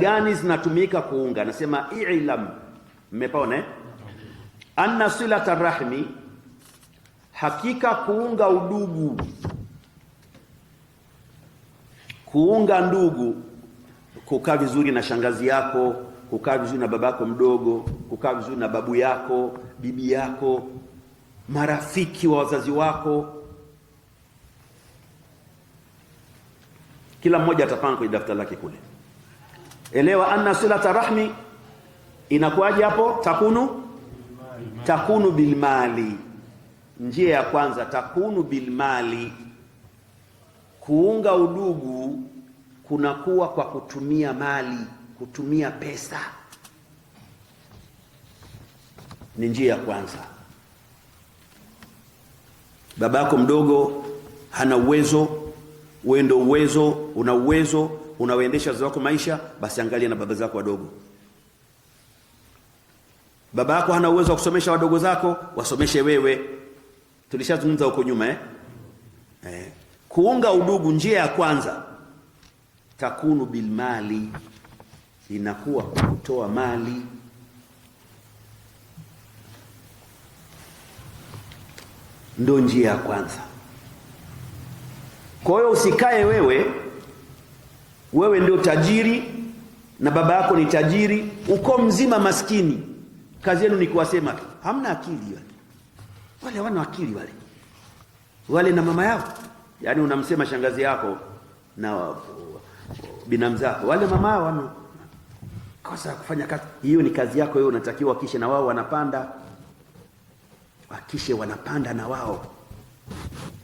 gani zinatumika kuunga? Nasema ilam, mmepona eh? Anna silata rahmi, hakika kuunga udugu, kuunga ndugu, kukaa vizuri na shangazi yako, kukaa vizuri na babako mdogo, kukaa vizuri na babu yako, bibi yako, marafiki wa wazazi wako, kila mmoja atapanga kwenye daftari lake kule Elewa anna silata rahmi inakuwaje hapo? Takunu takunu bilmali. Njia ya kwanza takunu bilmali, kuunga udugu kunakuwa kwa kutumia mali, kutumia pesa, ni njia ya kwanza. Baba yako mdogo hana uwezo, wewe ndio uwezo, una uwezo unawaendesha wazazi wako maisha, basi angalia na baba zako wadogo. Baba yako hana uwezo wa kusomesha wadogo zako, wasomeshe wewe. Tulishazungumza huko nyuma eh? Eh. Kuunga udugu, njia ya kwanza takunu bilmali, inakuwa kutoa mali ndo njia ya kwanza. Kwa hiyo usikae wewe wewe ndio tajiri na baba yako ni tajiri, uko mzima maskini, kazi yenu ni kuwasema tu. Hamna akili wale, wale wana akili wale wale, na mama yao. Yani unamsema shangazi yako na binamu zako, wale mama yao wana kosa kufanya kazi hiyo. Ni kazi yako hiyo, unatakiwa kishe na wao wanapanda, wakishe wanapanda na wao